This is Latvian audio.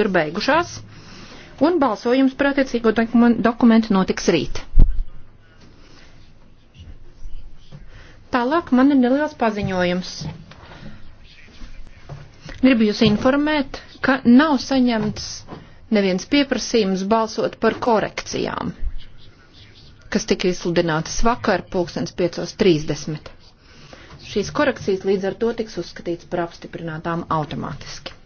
tur beigušās, un balsojums par attiecīgo dokumentu notiks rīt. Tālāk man ir neliels paziņojums. Gribu jūs informēt, ka nav saņemts neviens pieprasījums balsot par korekcijām, kas tika izsludinātas vakar pulkstens 5.30. Šīs korekcijas līdz ar to tiks uzskatīts par apstiprinātām automātiski.